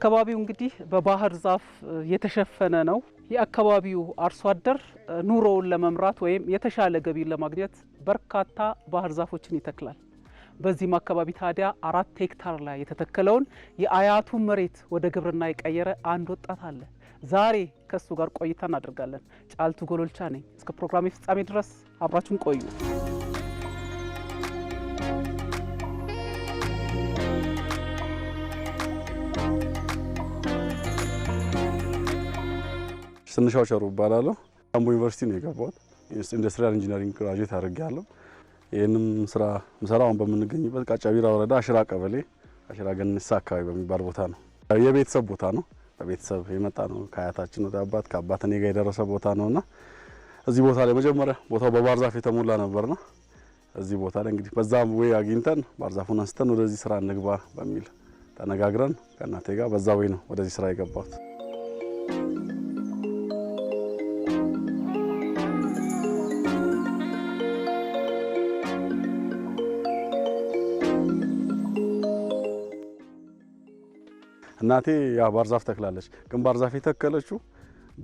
አካባቢው እንግዲህ በባህር ዛፍ የተሸፈነ ነው። የአካባቢው አርሶ አደር ኑሮውን ለመምራት ወይም የተሻለ ገቢን ለማግኘት በርካታ ባህር ዛፎችን ይተክላል። በዚህም አካባቢ ታዲያ አራት ሄክታር ላይ የተተከለውን የአያቱ መሬት ወደ ግብርና የቀየረ አንድ ወጣት አለ። ዛሬ ከእሱ ጋር ቆይታ እናደርጋለን። ጫልቱ ጎሎልቻ ነኝ። እስከ ፕሮግራሜ ፍጻሜ ድረስ አብራችሁን ቆዩ። ትንሿ ቸሩ እባላለሁ። አምቦ ዩኒቨርሲቲ ነው የገባሁት። ኢንዱስትሪያል ኢንጂነሪንግ ግራጁዌት አድርጌያለሁ። ይህንም ስራ ምሰራ አሁን በምንገኝበት ቃጫ ቢራ ወረዳ አሽራ ቀበሌ አሽራ ገንሳ አካባቢ በሚባል ቦታ ነው። የቤተሰብ ቦታ ነው። በቤተሰብ የመጣ ነው። ከአያታችን ወደ አባት ከአባት እኔ ጋር የደረሰ ቦታ እና እዚህ ቦታ ላይ መጀመሪያ ቦታው በባህር ዛፍ የተሞላ ነበርና እዚህ ቦታ ላይ እንግዲህ በዛ ወይ አግኝተን ባህር ዛፉን አንስተን ወደዚህ ስራ እንግባ በሚል ተነጋግረን ከእናቴ ጋር በዛ ወይ ነው ወደዚህ ስራ የገባሁት። እናቴ ያ ባርዛፍ ተክላለች። ግን ባርዛፍ የተከለችው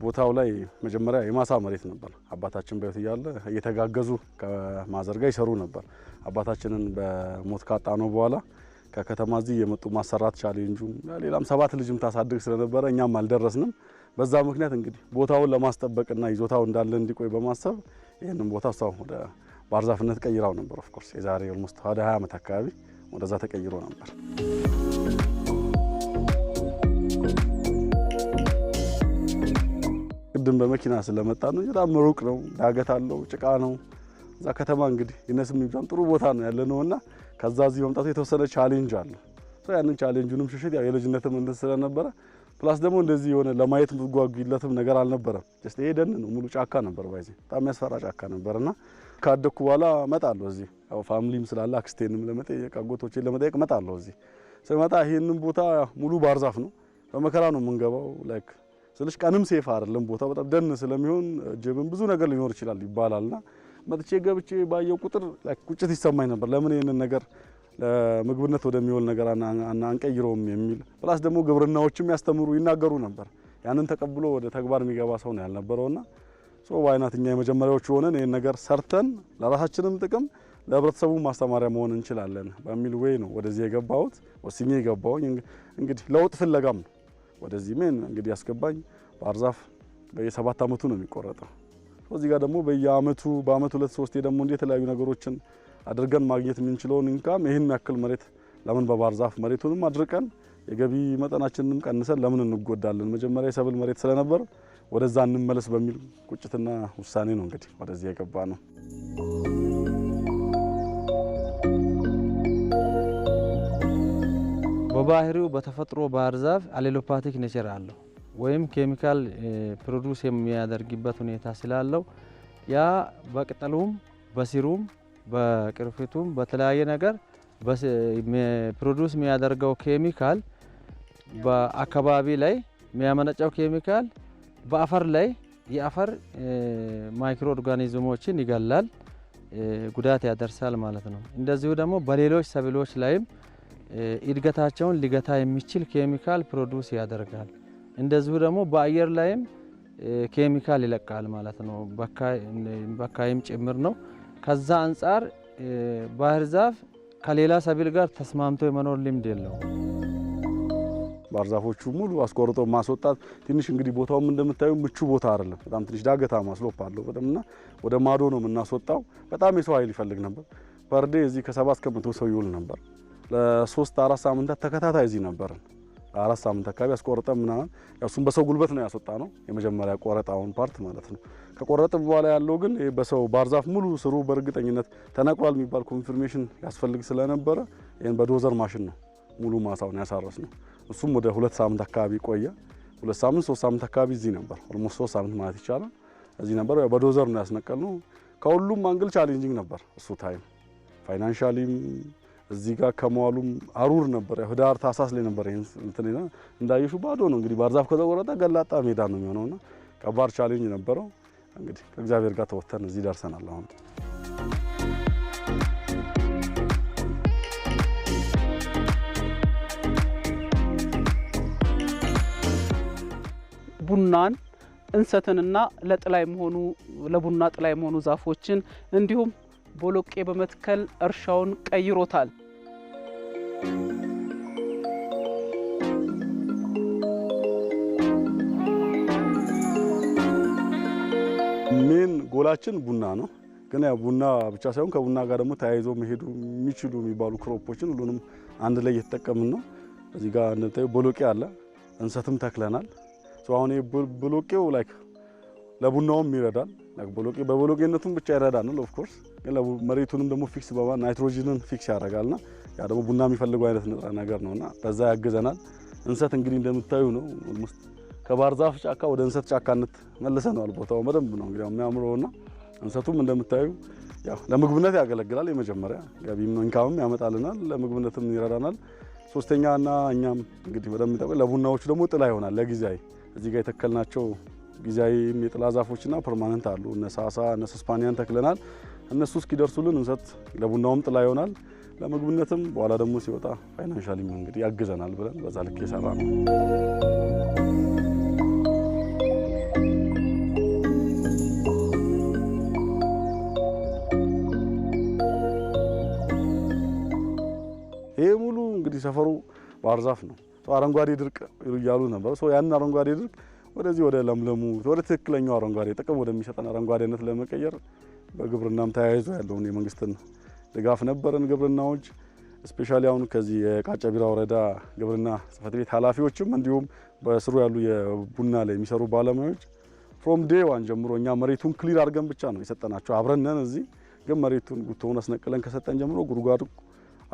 ቦታው ላይ መጀመሪያ የማሳ መሬት ነበር። አባታችን በህይወት እያለ እየተጋገዙ ከማዘር ጋር ይሰሩ ነበር። አባታችንን በሞት ካጣ ነው በኋላ ከከተማ እዚህ እየመጡ ማሰራት ቻሉ እንጂ ሌላም ሰባት ልጅም ታሳድግ ስለነበረ እኛም አልደረስንም። በዛ ምክንያት እንግዲህ ቦታውን ለማስጠበቅና ይዞታው እንዳለ እንዲቆይ በማሰብ ይህንን ቦታ እሷ ወደ ባርዛፍነት ቀይራው ነበር። ኦፍኮርስ የዛሬ ኦልሞስት ወደ 20 ዓመት አካባቢ ወደዛ ተቀይሮ ነበር። ቅድም በመኪና ስለመጣ ነው። በጣም ሩቅ ነው፣ ዳገት አለው፣ ጭቃ ነው። እዛ ከተማ እንግዲህ ይነስም ይብዛም ጥሩ ቦታ ነው ያለ ነው እና ከዛ እዚህ መምጣቱ የተወሰነ ቻሌንጅ አለ። ያንን ቻሌንጁንም ሽሽት ያው የልጅነትም እንትን ስለነበረ ፕላስ ደግሞ እንደዚህ የሆነ ለማየት የምትጓጉለትም ነገር አልነበረም። ስ ይሄ ደን ነው ሙሉ ጫካ ነበር፣ ባይዜ በጣም የሚያስፈራ ጫካ ነበር እና ካደግኩ በኋላ እመጣለሁ እዚህ ያው ፋሚሊም ስላለ አክስቴንም ለመጠየቅ አጎቶቼን ለመጠየቅ እመጣለሁ እዚህ ስመጣ ይህንን ቦታ ሙሉ ባርዛፍ ነው። በመከራ ነው የምንገባው ላይክ ስልሽ ቀንም ሴፍ አይደለም ቦታ በጣም ደን ስለሚሆን ጅብም ብዙ ነገር ሊኖር ይችላል ይባላልና መጥቼ ገብቼ ባየው ቁጥር ቁጭት ይሰማኝ ነበር። ለምን ይህንን ነገር ለምግብነት ወደሚውል ነገር አንቀይረውም የሚል ፕላስ ደግሞ ግብርናዎችም ያስተምሩ ይናገሩ ነበር። ያንን ተቀብሎ ወደ ተግባር የሚገባ ሰው ነው ያልነበረውና ሶ በአይናት እኛ የመጀመሪያዎቹ ሆነን ይህን ነገር ሰርተን ለራሳችንም ጥቅም ለህብረተሰቡ ማስተማሪያ መሆን እንችላለን በሚል ወይ ነው ወደዚህ የገባሁት። ወስኜ የገባሁኝ እንግዲህ ለውጥ ፍለጋም ነው ወደዚህ ሜን እንግዲህ ያስገባኝ ባህር በየሰባት አመቱ ነው የሚቆረጠው። እዚህ ጋር ደግሞ በየአመቱ በአመት ሁለት ሶስቴ ደግሞ እንዲ የተለያዩ ነገሮችን አድርገን ማግኘት የምንችለውን እንካም ይህን ያክል መሬት ለምን በባርዛፍ መሬቱንም አድርቀን የገቢ መጠናችንንም ቀንሰን ለምን እንጎዳለን? መጀመሪያ የሰብል መሬት ስለነበር ወደዛ እንመለስ በሚል ቁጭትና ውሳኔ ነው እንግዲህ ወደዚህ የገባ ነው። በባህሪው በተፈጥሮ ባህር ዛፍ አሌሎፓቲክ ኔቸር አለው ወይም ኬሚካል ፕሮዱስ የሚያደርግበት ሁኔታ ስላለው ያ በቅጠሉም በሲሩም በቅርፊቱም በተለያየ ነገር ፕሮዱስ የሚያደርገው ኬሚካል በአካባቢ ላይ የሚያመነጨው ኬሚካል በአፈር ላይ የአፈር ማይክሮ ኦርጋኒዝሞችን ይገላል፣ ጉዳት ያደርሳል ማለት ነው። እንደዚሁ ደግሞ በሌሎች ሰብሎች ላይም እድገታቸውን ሊገታ የሚችል ኬሚካል ፕሮዱስ ያደርጋል። እንደዚሁ ደግሞ በአየር ላይም ኬሚካል ይለቃል ማለት ነው፣ በካይም ጭምር ነው። ከዛ አንጻር ባህር ዛፍ ከሌላ ሰብል ጋር ተስማምቶ የመኖር ልምድ የለው። ባህር ዛፎቹ ሙሉ አስቆርጦ ማስወጣት ትንሽ እንግዲህ ቦታውም እንደምታዩ ምቹ ቦታ አይደለም። በጣም ትንሽ ዳገታማ ስሎፕ አለው በጣምና ወደ ማዶ ነው የምናስወጣው። በጣም የሰው ኃይል ይፈልግ ነበር። ፐርዴ እዚህ ከሰባ እስከ መቶ ሰው ይውል ነበር። ለሶስት አራት ሳምንታት ተከታታይ እዚህ ነበርን። አራት ሳምንት አካባቢ አስቆርጠን ምናምን ያው እሱም በሰው ጉልበት ነው ያስወጣ ነው የመጀመሪያ ቆረጣውን ፓርት ማለት ነው። ከቆረጠ በኋላ ያለው ግን በሰው ባርዛፍ ሙሉ ስሩ በእርግጠኝነት ተነቅሏል የሚባል ኮንፊርሜሽን ያስፈልግ ስለነበረ ይህን በዶዘር ማሽን ነው ሙሉ ማሳውን ያሳረስ ነው። እሱም ወደ ሁለት ሳምንት አካባቢ ቆየ። ሁለት ሳምንት ሶስት ሳምንት አካባቢ እዚህ ነበር። ኦልሞስት ሶስት ሳምንት ማለት ይቻላል እዚህ ነበር። ያው በዶዘር ነው ያስነቀል ነው። ከሁሉም አንግል ቻሌንጂንግ ነበር እሱ ታይም ፋይናንሻሊም እዚህ ጋር ከመዋሉም አሩር ነበር። ህዳር ታህሳስ ላይ ነበር። እንትን እንዳየሹ ባዶ ነው እንግዲህ ባርዛፍ ከተቆረጠ ገላጣ ሜዳ ነው የሚሆነውና ከባድ ቻሌንጅ ነበረው። እንግዲህ ከእግዚአብሔር ጋር ተወተን እዚህ ደርሰናል አሁን ቡናን እንሰትንና ለጥላይ መሆኑ ለቡና ጥላ የሚሆኑ ዛፎችን እንዲሁም ቦሎቄ በመትከል እርሻውን ቀይሮታል። ሜን ጎላችን ቡና ነው። ግን ያው ቡና ብቻ ሳይሆን ከቡና ጋር ደግሞ ተያይዞ መሄዱ የሚችሉ የሚባሉ ክሮፖችን ሁሉንም አንድ ላይ እየተጠቀምን ነው። እዚህ ጋር እንደምታዩ ቦሎቄ አለ፣ እንሰትም ተክለናል። አሁን ቦሎቄው ላይክ ለቡናውም ይረዳል። ቦሎቄ በቦሎቄነቱም ብቻ ይረዳናል። ኦፍኮርስ ግን መሬቱንም ደግሞ ፊክስ በማ ናይትሮጂንን ፊክስ ና ያ ደግሞ ቡና የሚፈልገው አይነት ንጥረ ነገር ነው ነውና በዛ ያግዘናል። እንሰት እንግዲህ እንደምታዩ ነው ከባህር ዛፍ ጫካ ወደ እንሰት ጫካነት መልሰነዋል። ቦታው በደንብ ነው እንግዲህ ና እንሰቱም እንደምታዩ ያው ለምግብነት ያገለግላል። የመጀመሪያ ገቢ መንካምም ያመጣልናል፣ ለምግብነትም ይረዳናል። ሶስተኛ ና እኛም እንግዲህ በደንብ ለቡናዎቹ ደግሞ ጥላ ይሆናል ለጊዜያዊ እዚህ ጋር የተከልናቸው ጊዜያዊም የጥላ ዛፎችና ፐርማነንት አሉ። እነ ሳሳ እነ ስፓኒያን ተክለናል። እነሱ እስኪደርሱልን እንሰት ለቡናውም ጥላ ይሆናል፣ ለምግብነትም በኋላ ደግሞ ሲወጣ ፋይናንሻሊ እንግዲህ ያግዘናል ብለን በዛ ልክ የሰራ ነው። ይሄ ሙሉ እንግዲህ ሰፈሩ ባህር ዛፍ ነው። አረንጓዴ ድርቅ እያሉ ነበር። ያንን አረንጓዴ ድርቅ ወደዚህ ወደ ለምለሙ ወደ ትክክለኛው አረንጓዴ ጥቅም ወደሚሰጠን አረንጓዴነት ለመቀየር በግብርናም ተያይዞ ያለውን የመንግስትን ድጋፍ ነበረን። ግብርናዎች ስፔሻሊ አሁን ከዚህ የቃጫ ቢራ ወረዳ ግብርና ጽፈት ቤት ኃላፊዎችም እንዲሁም በስሩ ያሉ የቡና ላይ የሚሰሩ ባለሙያዎች ፍሮም ዴይ ዋን ጀምሮ እኛ መሬቱን ክሊር አድርገን ብቻ ነው የሰጠናቸው። አብረነን እዚህ ግን መሬቱን ጉቶውን አስነቅለን ከሰጠን ጀምሮ ጉድጓድ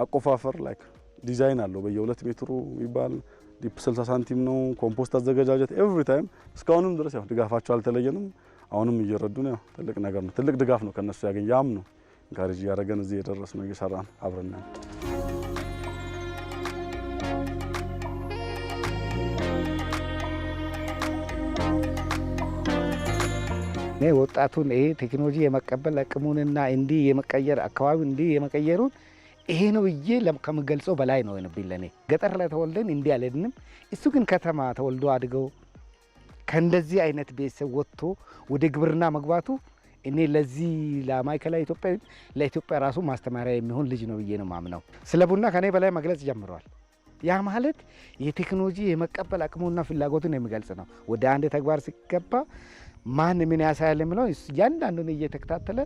አቆፋፈር ላይክ ዲዛይን አለው በየሁለት ሜትሩ የሚባል ዲፕ 60 ሳንቲም ነው። ኮምፖስት አዘገጃጀት ኤቭሪ ታይም እስካሁንም ድረስ ያው ድጋፋቸው አልተለየንም። አሁንም እየረዱ ነው። ትልቅ ነገር ነው። ትልቅ ድጋፍ ነው ከነሱ ያገኝ ያም ነው ኢንካሬጅ እያደረገን እዚህ የደረስ ነው እየሰራን አብረናል። አብረን ወጣቱን ይሄ ቴክኖሎጂ የመቀበል አቅሙንና እንዲህ የመቀየር አካባቢ እንዲህ የመቀየሩን ይሄ ነው ብዬ ከምገልጸው በላይ ነው የሆነብኝ ለእኔ። ገጠር ላይ ተወልደን እንዲህ አልሄድንም። እሱ ግን ከተማ ተወልዶ አድገው ከእንደዚህ አይነት ቤተሰብ ወጥቶ ወደ ግብርና መግባቱ እኔ ለዚህ ለማዕከላዊ ኢትዮጵያ ለኢትዮጵያ ራሱ ማስተማሪያ የሚሆን ልጅ ነው ብዬ ነው ማምነው። ስለ ቡና ከኔ በላይ መግለጽ ጀምረዋል። ያ ማለት የቴክኖሎጂ የመቀበል አቅሙና ፍላጎቱን የሚገልጽ ነው። ወደ አንድ ተግባር ሲገባ ማን ምን ያሳያል የሚለው እያንዳንዱን እየተከታተለ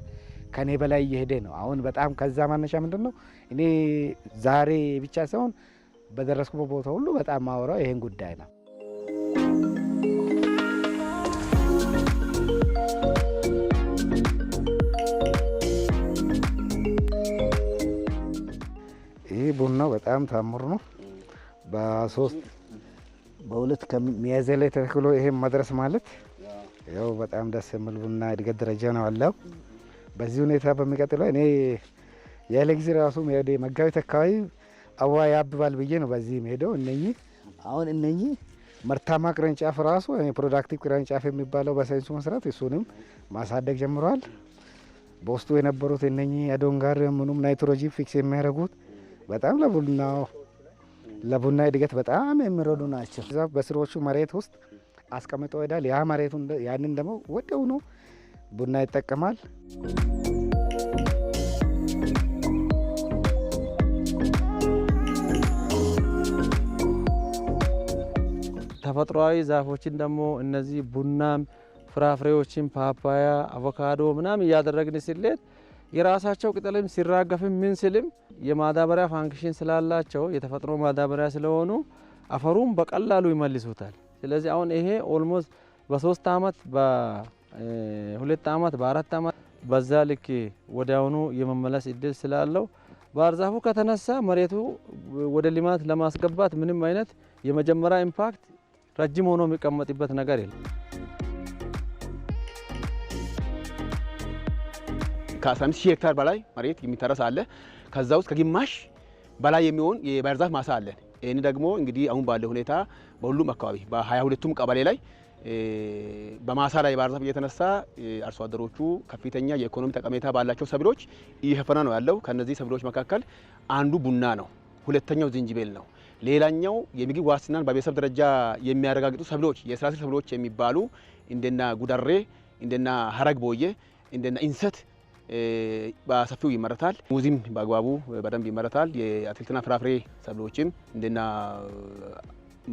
ከኔ በላይ እየሄደ ነው። አሁን በጣም ከዛ ማነሻ ምንድን ነው እኔ ዛሬ ብቻ ሳይሆን በደረስኩበት ቦታ ሁሉ በጣም ማወራው ይሄን ጉዳይ ነው። ይህ ቡናው በጣም ታምር ነው። በሶስት በሁለት ከሚያዝያ ላይ ይሄን መድረስ ማለት ያው በጣም ደስ የሚል ቡና እድገት ደረጃ ነው አለው። በዚህ ሁኔታ በሚቀጥለው እኔ ያለ ጊዜ ራሱ ወደ መጋቢት አካባቢ አበባ ያብባል ብዬ ነው በዚህ ሄደው እነኚህ አሁን እነኚህ መርታማ ቅርንጫፍ ራሱ ፕሮዳክቲቭ ቅርንጫፍ የሚባለው በሳይንሱ መሰረት እሱንም ማሳደግ ጀምረዋል። በውስጡ የነበሩት እነኚህ አዶንጋር ምኑም ናይትሮጂን ፊክስ የሚያደርጉት በጣም ለቡና ለቡና እድገት በጣም የሚረዱ ናቸው። በስሮቹ መሬት ውስጥ አስቀምጠው ሄዳል። ያ መሬቱ ያንን ደግሞ ወደው ነው ቡና ይጠቀማል። ተፈጥሯዊ ዛፎችን ደግሞ እነዚህ ቡናም፣ ፍራፍሬዎችን፣ ፓፓያ፣ አቮካዶ ምናም እያደረግን ሲሌት የራሳቸው ቅጠልም ሲራገፍም ምን ስልም የማዳበሪያ ፋንክሽን ስላላቸው የተፈጥሮ ማዳበሪያ ስለሆኑ አፈሩም በቀላሉ ይመልሱታል። ስለዚህ አሁን ይሄ ኦልሞስት በሶስት አመት ። ሁለት አመት በአራት አመት በዛ ልክ ወዲያውኑ የመመለስ እድል ስላለው ባህር ዛፉ ከተነሳ መሬቱ ወደ ልማት ለማስገባት ምንም አይነት የመጀመሪያ ኢምፓክት ረጅም ሆኖ የሚቀመጥበት ነገር የለም። ከ15 ሺህ ሄክታር በላይ መሬት የሚታረስ አለ። ከዛ ውስጥ ከግማሽ በላይ የሚሆን የባህር ዛፍ ማሳ አለን። ይህን ደግሞ እንግዲህ አሁን ባለው ሁኔታ በሁሉም አካባቢ በ22ቱም ቀበሌ ላይ በማሳ ላይ ባህር ዛፍ እየተነሳ አርሶ አደሮቹ ከፍተኛ የኢኮኖሚ ጠቀሜታ ባላቸው ሰብሎች እየሸፈነ ነው ያለው። ከነዚህ ሰብሎች መካከል አንዱ ቡና ነው። ሁለተኛው ዝንጅቤል ነው። ሌላኛው የምግብ ዋስትናን በቤተሰብ ደረጃ የሚያረጋግጡ ሰብሎች የስራ ስር ሰብሎች የሚባሉ እንደና ጉዳሬ፣ እንደና ሀረግ ቦዬ፣ እንደና እንሰት በሰፊው ይመረታል። ሙዚም በአግባቡ በደንብ ይመረታል። የአትክልትና ፍራፍሬ ሰብሎችም እንደና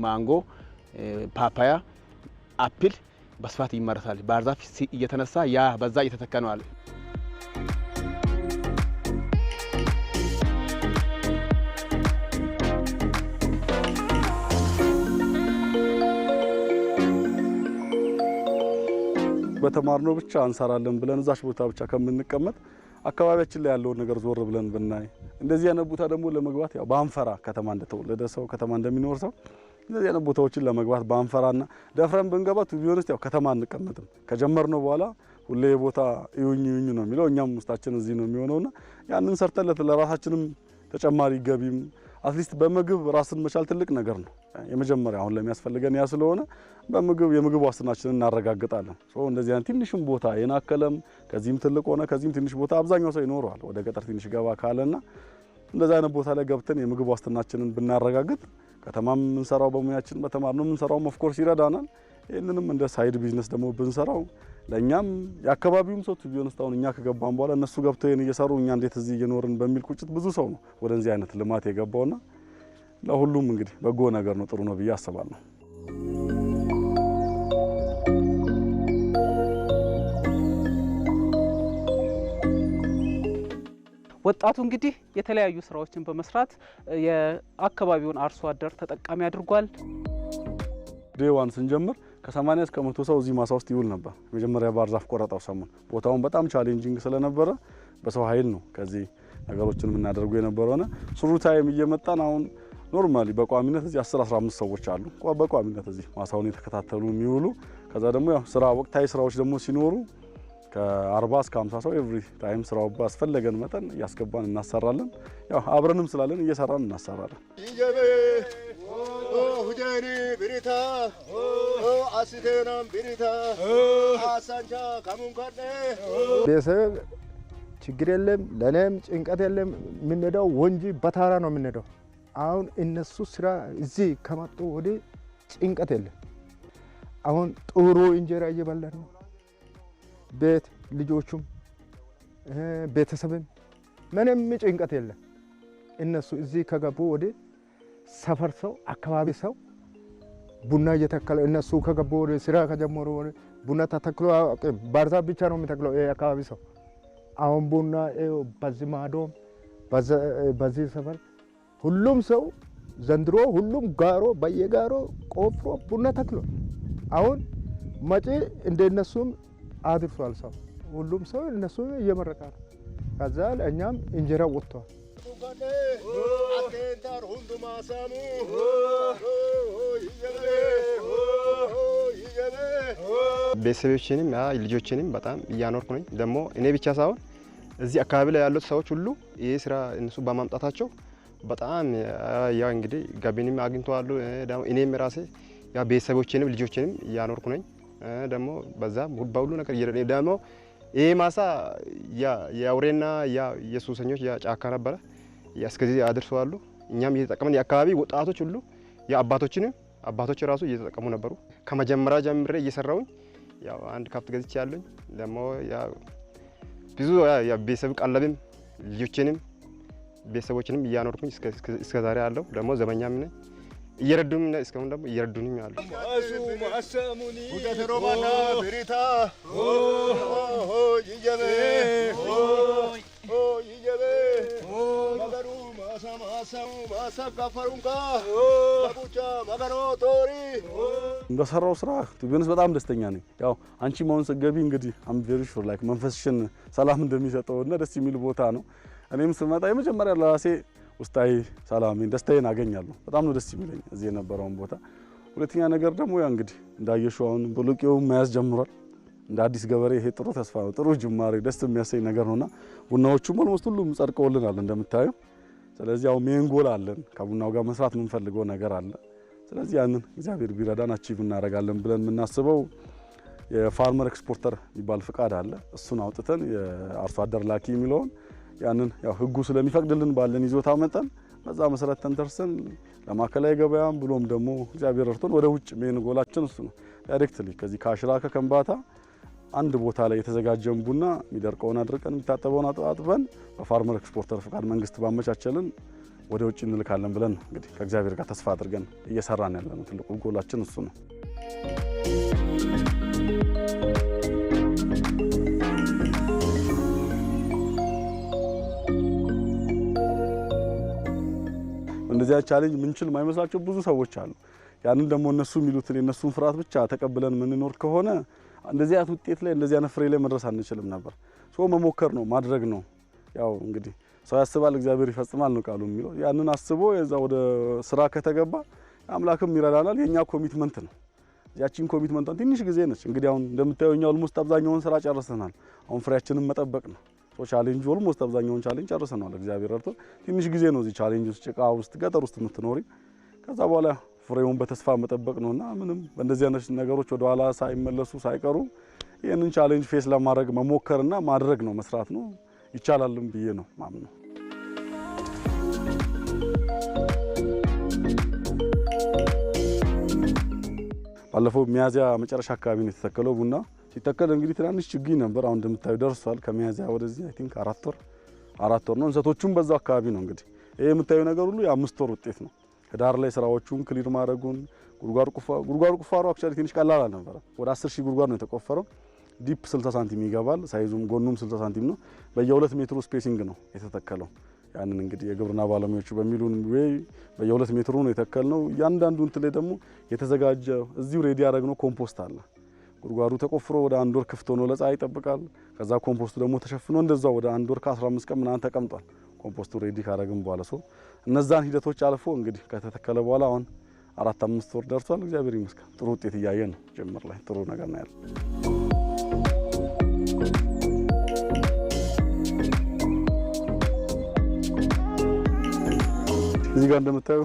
ማንጎ፣ ፓፓያ አፕል በስፋት ይመረታል። ባህር ዛፍ እየተነሳ ያ በዛ እየተተካ ነው አለ። በተማርነው ብቻ አንሰራለን ብለን እዛች ቦታ ብቻ ከምንቀመጥ አካባቢያችን ላይ ያለውን ነገር ዞር ብለን ብናይ እንደዚህ አይነት ቦታ ደግሞ ለመግባት ያው ባንፈራ ከተማ እንደተወለደ ሰው ከተማ እንደሚኖር ሰው እንደዚህ አይነት ቦታዎችን ለመግባት ባንፈራና ደፍረን ብንገባ ቢሆንስ ያው ከተማ አንቀመጥም። ነው በኋላ ሁሌ ቦታ ይሁኝ ይሁኝ ነው የሚለው እኛም ውስጣችን እዚህ ነው የሚሆነውና ያንን ሰርተለት ለራሳችንም ተጨማሪ ገቢም አትሊስት በምግብ ራስን መቻል ትልቅ ነገር ነው። የመጀመሪያ አሁን ለሚያስፈልገን ያ ስለሆነ በምግብ የምግብ ዋስትናችንን እናረጋግጣለን። እንደዚህ አይነት ትንሽም ቦታ የናከለም ከዚህም ትልቅ ሆነ ከዚህም ትንሽ ቦታ አብዛኛው ሰው ይኖረዋል። ወደ ገጠር ትንሽ ገባ ካለና እንደዚህ አይነት ቦታ ላይ ገብተን የምግብ ዋስትናችንን ብናረጋግጥ ከተማም የምንሰራው በሙያችን በተማርነው የምንሰራውም ኦፍኮርስ ይረዳናል። ይህንንም እንደ ሳይድ ቢዝነስ ደግሞ ብንሰራው ለእኛም የአካባቢውም ሰው ቱቢዮንስ አሁን እኛ ከገባን በኋላ እነሱ ገብተው ይህን እየሰሩ እኛ እንዴት እዚህ እየኖርን በሚል ቁጭት ብዙ ሰው ነው ወደዚህ አይነት ልማት የገባውና ለሁሉም እንግዲህ በጎ ነገር ነው፣ ጥሩ ነው ብዬ አስባለሁ። ወጣቱ እንግዲህ የተለያዩ ስራዎችን በመስራት የአካባቢውን አርሶ አደር ተጠቃሚ አድርጓል። ዴዋን ስንጀምር ከ80 እስከ 100 ሰው እዚህ ማሳ ውስጥ ይውል ነበር። የመጀመሪያ ባህር ዛፍ ቆረጣው ሰሞን ቦታውን በጣም ቻሌንጂንግ ስለነበረ በሰው ኃይል ነው ከዚህ ነገሮችን የምናደርጉ የነበረ ሆነ ስሩ ታይም እየመጣን አሁን ኖርማሊ በቋሚነት እዚህ 10 15 ሰዎች አሉ በቋሚነት እዚህ ማሳውን የተከታተሉ የሚውሉ ከዛ ደግሞ ያው ስራ ወቅታዊ ስራዎች ደግሞ ሲኖሩ ከአርባ እስከ 50 ሰው ኤቭሪ ታይም ስራው ባስፈለገን መጠን እያስገባን እናሰራለን። ያው አብረንም ስላለን እየሰራን እናሰራለን። ቤተሰብ ችግር የለም፣ ለእኔም ጭንቀት የለም። የምንሄደው ወንጂ በታራ ነው የምንሄደው። አሁን እነሱ ስራ እዚህ ከመጡ ወዲህ ጭንቀት የለም። አሁን ጥሩ እንጀራ እየበላን ነው። ቤት ልጆቹም ቤተሰብም ምንም ጭንቀት የለም። እነሱ እዚህ ከገቡ ወደ ሰፈር ሰው አካባቢ ሰው ቡና እየተከለ እነሱ ከገቡ ወደ ስራ ከጀመሩ ወደ ቡና ተተክሎ አያውቅም። ባህርዛፍ ብቻ ነው የሚተክለው አካባቢ ሰው። አሁን ቡና በዚህ ማዶም በዚህ ሰፈር ሁሉም ሰው ዘንድሮ ሁሉም ጋሮ በየጋሮ ቆፍሮ ቡና ተክሎ አሁን መጪ እንደነሱም አድርሷል። ሰው ሁሉም ሰው እነሱ እየመረቀ ነው። ከዛ እኛም እንጀራ ወጥቷል። ቤተሰቦችንም ልጆችንም በጣም እያኖርኩ ነኝ። ደግሞ እኔ ብቻ ሳይሆን እዚህ አካባቢ ላይ ያሉት ሰዎች ሁሉ ይህ ስራ እነሱ በማምጣታቸው በጣም ያው እንግዲህ ገቢንም አግኝተዋሉ። እኔም ራሴ ቤተሰቦችንም ልጆችንም እያኖርኩ ነኝ። ደግሞ በዛ በሁሉ ነገር ደግሞ ይሄ ማሳ የአውሬና የሱሰኞች ጫካ ነበረ። እስከዚህ አድርሰዋሉ። እኛም እየተጠቀምን የአካባቢ ወጣቶች ሁሉ የአባቶችንም አባቶች ራሱ እየተጠቀሙ ነበሩ። ከመጀመሪያ ጀምሬ እየሰራውኝ ያው አንድ ከብት ገዝቼ ያለኝ ደግሞ ብዙ ቤተሰብ ቀለብም ልጆችንም ቤተሰቦችንም እያኖርኩኝ እስከዛሬ አለው። ደግሞ ዘበኛም ነኝ። እየረዱም እስካሁን ደግሞ እየረዱንም ያሉ በሰራው ስራ ቢሆንስ በጣም ደስተኛ ነኝ። ያው አንቺ መሆን ስትገቢ እንግዲህ አም ቬሪ ሹር ላይክ መንፈስሽን ሰላም እንደሚሰጠው እና ደስ የሚል ቦታ ነው። እኔም ስመጣ የመጀመሪያ ለራሴ ውስጣዊ ሰላሜን ደስታዬን አገኛለሁ። በጣም ነው ደስ የሚለኝ እዚህ የነበረውን ቦታ። ሁለተኛ ነገር ደግሞ ያ እንግዲህ እንዳየሹ አሁን መያዝ ጀምሯል። እንደ አዲስ ገበሬ ይሄ ጥሩ ተስፋ ነው፣ ጥሩ ጅማሬ፣ ደስ የሚያሰኝ ነገር ነውና ቡናዎቹም ኦልሞስት ሁሉም ጸድቀውልናል እንደምታዩ። ስለዚህ አሁን ሜንጎል አለን፣ ከቡናው ጋር መስራት የምንፈልገው ነገር አለ። ስለዚህ ያንን እግዚአብሔር ቢረዳን አቺቭ እናደርጋለን ብለን የምናስበው የፋርመር ኤክስፖርተር የሚባል ፍቃድ አለ። እሱን አውጥተን የአርሶ አደር ላኪ የሚለውን ያንን ያው ህጉ ስለሚፈቅድልን ባለን ይዞታ መጠን በዛ መሰረት ተንተርሰን ለማዕከላዊ ገበያም ብሎም ደግሞ እግዚአብሔር እርቶን ወደ ውጭ ሜን ጎላችን እሱ ነው። ዳይሬክትሊ ከዚህ ከአሽራ ከከንባታ አንድ ቦታ ላይ የተዘጋጀውን ቡና የሚደርቀውን አድርቀን የሚታጠበውን አጥበን በፋርመር ኤክስፖርተር ፍቃድ መንግስት ባመቻቸልን ወደ ውጭ እንልካለን ብለን እንግዲህ ከእግዚአብሔር ጋር ተስፋ አድርገን እየሰራን ያለ ነው። ትልቁ ጎላችን እሱ ነው። እንደዚያ ቻሌንጅ ምንችል ማይመስላቸው ብዙ ሰዎች አሉ። ያንን ደግሞ እነሱ የሚሉትን የእነሱን ፍርሃት ብቻ ተቀብለን የምንኖር ከሆነ እንደዚህ አይነት ውጤት ላይ እንደዚህ አይነት ፍሬ ላይ መድረስ አንችልም ነበር። ሶ መሞከር ነው ማድረግ ነው። ያው እንግዲህ ሰው ያስባል እግዚአብሔር ይፈጽማል ነው ቃሉ የሚለው። ያንን አስቦ የዛ ወደ ስራ ከተገባ አምላክም ይረዳናል። የኛ ኮሚትመንት ነው። ያቺን ኮሚትመንቷን ትንሽ ጊዜ ነች። እንግዲህ አሁን እንደምታየው እኛ ኦልሞስት አብዛኛውን ስራ ጨርሰናል። አሁን ፍሬያችንን መጠበቅ ነው። ቻሌንጅ ኦልሞስት አብዛኛውን ቻሌንጅ ጨርሰናል። እግዚአብሔር ረድቶ ትንሽ ጊዜ ነው እዚህ ቻሌንጅ ውስጥ ጭቃ ውስጥ ገጠር ውስጥ የምትኖሪ። ከዛ በኋላ ፍሬውን በተስፋ መጠበቅ ነውና ምንም በእንደዚህ አይነት ነገሮች ወደ ኋላ ሳይመለሱ ሳይቀሩ ይህንን ቻሌንጅ ፌስ ለማድረግ መሞከርና ማድረግ ነው መስራት ነው ይቻላልም ብዬ ነው ማምነው። ባለፈው ሚያዝያ መጨረሻ አካባቢ ነው የተተከለው ቡና ሲተከል እንግዲህ ትናንሽ ችግኝ ነበር። አሁን እንደምታዩ ደርሷል። ከሚያዝያ ወደዚህ አይ ቲንክ አራት ወር አራት ወር ነው። እንሰቶቹም በዛው አካባቢ ነው። እንግዲህ ይሄ የምታዩ ነገር ሁሉ የአምስት ወር ውጤት ነው። ህዳር ላይ ስራዎቹን ክሊር ማድረጉን ጉድጓድ ቁፋ ጉድጓድ ቁፋሮ አክቹዋሊ ትንሽ ቀላል አልነበረ። ወደ 10 ሺህ ጉድጓድ ነው የተቆፈረው። ዲፕ 60 ሳንቲም ይገባል። ሳይዙም ጎኑም 60 ሳንቲም ነው። በየ2 ሜትሩ ስፔሲንግ ነው የተተከለው። ያንን እንግዲህ የግብርና ባለሙያዎቹ በሚሉን ወይ በየ2 ሜትሩ ነው የተከልነው። እያንዳንዱ እንትን ላይ ደግሞ የተዘጋጀ እዚሁ ሬዲ ያደረግነው ኮምፖስት አለ ጉድጓዱ ተቆፍሮ ወደ አንድ ወር ክፍት ሆኖ ለፀሐይ ይጠብቃል። ከዛ ኮምፖስቱ ደግሞ ተሸፍኖ እንደዛው ወደ አንድ ወር ከ15 ቀን ምናምን ተቀምጧል። ኮምፖስቱ ሬዲ ካረግም በኋላ ሶ እነዛን ሂደቶች አልፎ እንግዲህ ከተተከለ በኋላ አሁን አራት አምስት ወር ደርሷል። እግዚአብሔር ይመስገን ጥሩ ውጤት እያየ ነው። ጭምር ላይ ጥሩ ነገር ነው ያለው። እዚህ ጋር እንደምታዩ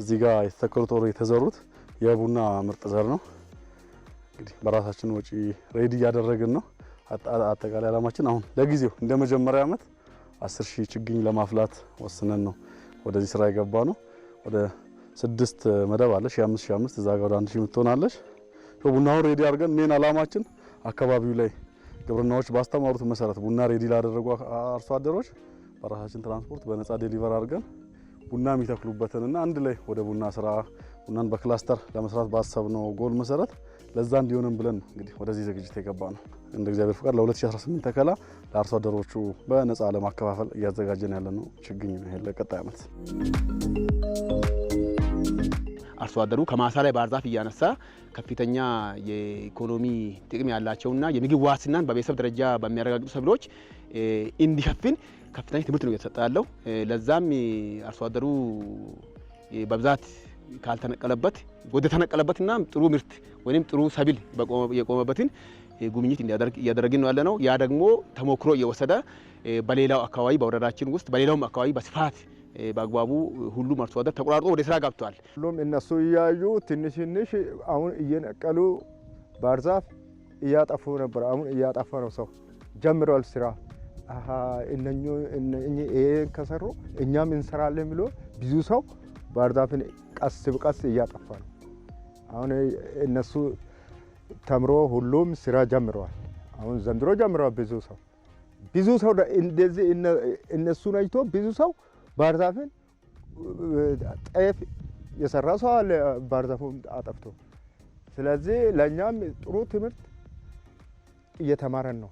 እዚህ ጋር የተተከሉት ወር የተዘሩት የቡና ምርጥ ዘር ነው። እንግዲህ በራሳችን ወጪ ሬዲ እያደረግን ነው። አጠቃላይ ዓላማችን አሁን ለጊዜው እንደ መጀመሪያ ዓመት አስር ሺህ ችግኝ ለማፍላት ወስነን ነው ወደዚህ ስራ የገባ ነው። ወደ ስድስት መደብ አለ ሺህ እዛ ጋር ወደ አንድ ሺህ የምትሆናለች። ቡናውን ሬዲ አድርገን ሜን ዓላማችን አካባቢው ላይ ግብርናዎች ባስተማሩት መሰረት ቡና ሬዲ ላደረጉ አርሶ አደሮች በራሳችን ትራንስፖርት በነፃ ዴሊቨር አድርገን ቡና የሚተክሉበትን እና አንድ ላይ ወደ ቡና ስራ ቡናን በክላስተር ለመስራት ባሰብነው ጎል መሰረት ለዛ እንዲሆንም ብለን እንግዲህ ወደዚህ ዝግጅት የገባ ነው። እንደ እግዚአብሔር ፍቃድ ለ2018 ተከላ ለአርሶ አደሮቹ በነፃ ለማከፋፈል እያዘጋጀን ያለ ነው። ችግኝ ነው ለቀጣይ ዓመት አርሶ አደሩ ከማሳ ላይ ባህር ዛፍ እያነሳ ከፍተኛ የኢኮኖሚ ጥቅም ያላቸውና የምግብ ዋስትናን በቤተሰብ ደረጃ በሚያረጋግጡ ሰብሎች እንዲሸፍን ከፍተኛ ትምህርት ነው እየተሰጠ ያለው። ለዛም አርሶ አደሩ በብዛት ካልተነቀለበት ወደ ተነቀለበትና ጥሩ ምርት ወይም ጥሩ ሰብል የቆመበትን ጉብኝት እያደረግን ነው ያለ ነው። ያ ደግሞ ተሞክሮ እየወሰደ በሌላው አካባቢ በወረዳችን ውስጥ በሌላውም አካባቢ በስፋት በአግባቡ ሁሉም አርሶ አደር ተቆራርጦ ወደ ስራ ገብቷል። ሁሉም እነሱ እያዩ ትንሽ ትንሽ አሁን እየነቀሉ ባህር ዛፍ እያጠፉ ነበር። አሁን እያጠፋ ነው ሰው ጀምሯል ስራ እነኚህ ከሰሩ እኛም እንሰራለን ብሎ ብዙ ሰው ባህር ዛፍን ቀስ በቀስ እያጠፋ ነው። አሁን እነሱ ተምሮ ሁሉም ስራ ጀምረዋል። አሁን ዘንድሮ ጀምረዋል። ብዙ ሰው ብዙ ሰው እንደዚህ እነሱን አይቶ ብዙ ሰው ባህርዛፍን ዛፍን ጤፍ የሰራ ሰው አለ ባህር አጠፍቶ። ስለዚህ ለእኛም ጥሩ ትምህርት እየተማረን ነው።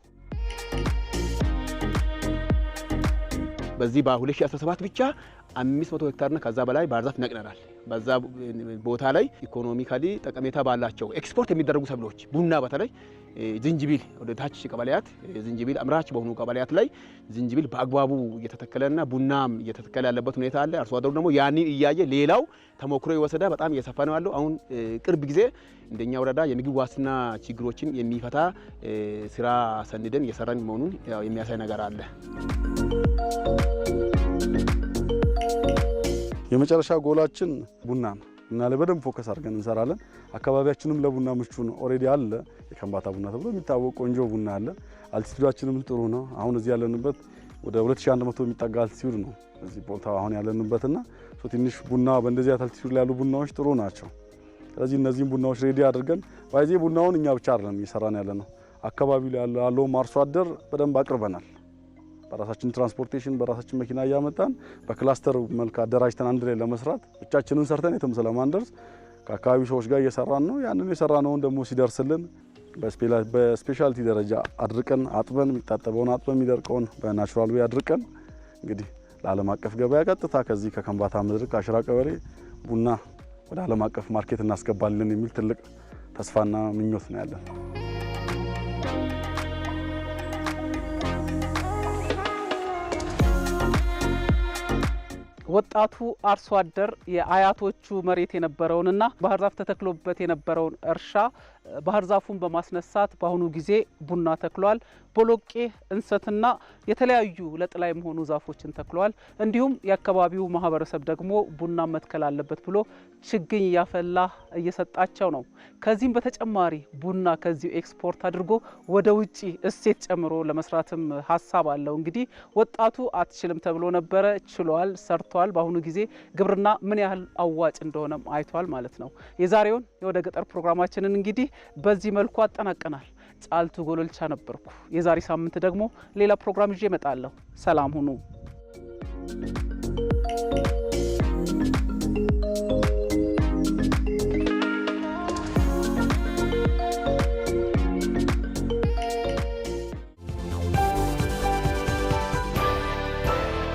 በዚህ በ2017 ብቻ አምስት መቶ ሄክታርና ከዛ በላይ ባህር ዛፍ ነቅነናል። በዛ ቦታ ላይ ኢኮኖሚካሊ ጠቀሜታ ባላቸው ኤክስፖርት የሚደረጉ ሰብሎች ቡና፣ በተለይ ዝንጅቢል ወደ ታች ቀበሌያት ዝንጅቢል አምራች በሆኑ ቀበሌያት ላይ ዝንጅቢል በአግባቡ እየተተከለና ቡናም እየተተከለ ያለበት ሁኔታ አለ። አርሶ አደሩ ደግሞ ያንን እያየ ሌላው ተሞክሮ የወሰደ በጣም እየሰፋ ነው ያለው። አሁን ቅርብ ጊዜ እንደኛ ወረዳ የምግብ ዋስትና ችግሮችን የሚፈታ ስራ ሰንደን እየሰራን መሆኑን የሚያሳይ ነገር አለ። የመጨረሻ ጎላችን ቡና ነው እና በደንብ ፎከስ አድርገን እንሰራለን። አካባቢያችንም ለቡና ምቹ ነው። ኦልሬዲ አለ የከምባታ ቡና ተብሎ የሚታወቅ ቆንጆ ቡና አለ። አልቲቲዩዳችንም ጥሩ ነው። አሁን እዚህ ያለንበት ወደ 2100 የሚጠጋ አልቲቲዩድ ነው እዚህ ቦታ አሁን ያለንበትና ትንሽ ቡና በእንደዚህ አልቲቲዩድ ላይ ያሉ ቡናዎች ጥሩ ናቸው። ስለዚህ እነዚህም ቡናዎች ሬዲ አድርገን ባይዜ ቡናውን እኛ ብቻ አይደለም እየሰራን ያለ ነው። አካባቢው ላይ ያለውም አርሶ አደር በደንብ አቅርበናል። በራሳችን ትራንስፖርቴሽን በራሳችን መኪና እያመጣን በክላስተር መልክ አደራጅተን አንድ ላይ ለመስራት ብቻችንን ሰርተን የትም ስለማንደርስ ከአካባቢው ሰዎች ጋር እየሰራን ነው። ያንን ነውን ደግሞ ሲደርስልን በስፔሻልቲ ደረጃ አድርቀን አጥበን የሚታጠበውን አጥበን የሚደርቀውን በናቹራል ዌይ አድርቀን እንግዲህ ለዓለም አቀፍ ገበያ ቀጥታ ከዚህ ከከንባታ ምድር ከአሽራ ቀበሌ ቡና ወደ ዓለም አቀፍ ማርኬት እናስገባለን የሚል ትልቅ ተስፋና ምኞት ነው ያለን። ወጣቱ አርሶ አደር የአያቶቹ መሬት የነበረውንና ባህር ዛፍ ተተክሎበት የነበረውን እርሻ ባህር ዛፉን በማስነሳት በአሁኑ ጊዜ ቡና ተክሏል። ቦሎቄ እንሰትና የተለያዩ ለጥላ የሚሆኑ ዛፎችን ተክሏል። እንዲሁም የአካባቢው ማህበረሰብ ደግሞ ቡና መትከል አለበት ብሎ ችግኝ እያፈላ እየሰጣቸው ነው። ከዚህም በተጨማሪ ቡና ከዚሁ ኤክስፖርት አድርጎ ወደ ውጭ እሴት ጨምሮ ለመስራትም ሀሳብ አለው። እንግዲህ ወጣቱ አትችልም ተብሎ ነበረ፣ ችሏል፣ ሰርቷል። በአሁኑ ጊዜ ግብርና ምን ያህል አዋጭ እንደሆነም አይቷል ማለት ነው። የዛሬውን የወደ ገጠር ፕሮግራማችንን እንግዲህ በዚህ መልኩ አጠናቀናል። ጫልቱ ጎሎልቻ ነበርኩ። የዛሬ ሳምንት ደግሞ ሌላ ፕሮግራም ይዤ እመጣለሁ። ሰላም ሁኑ።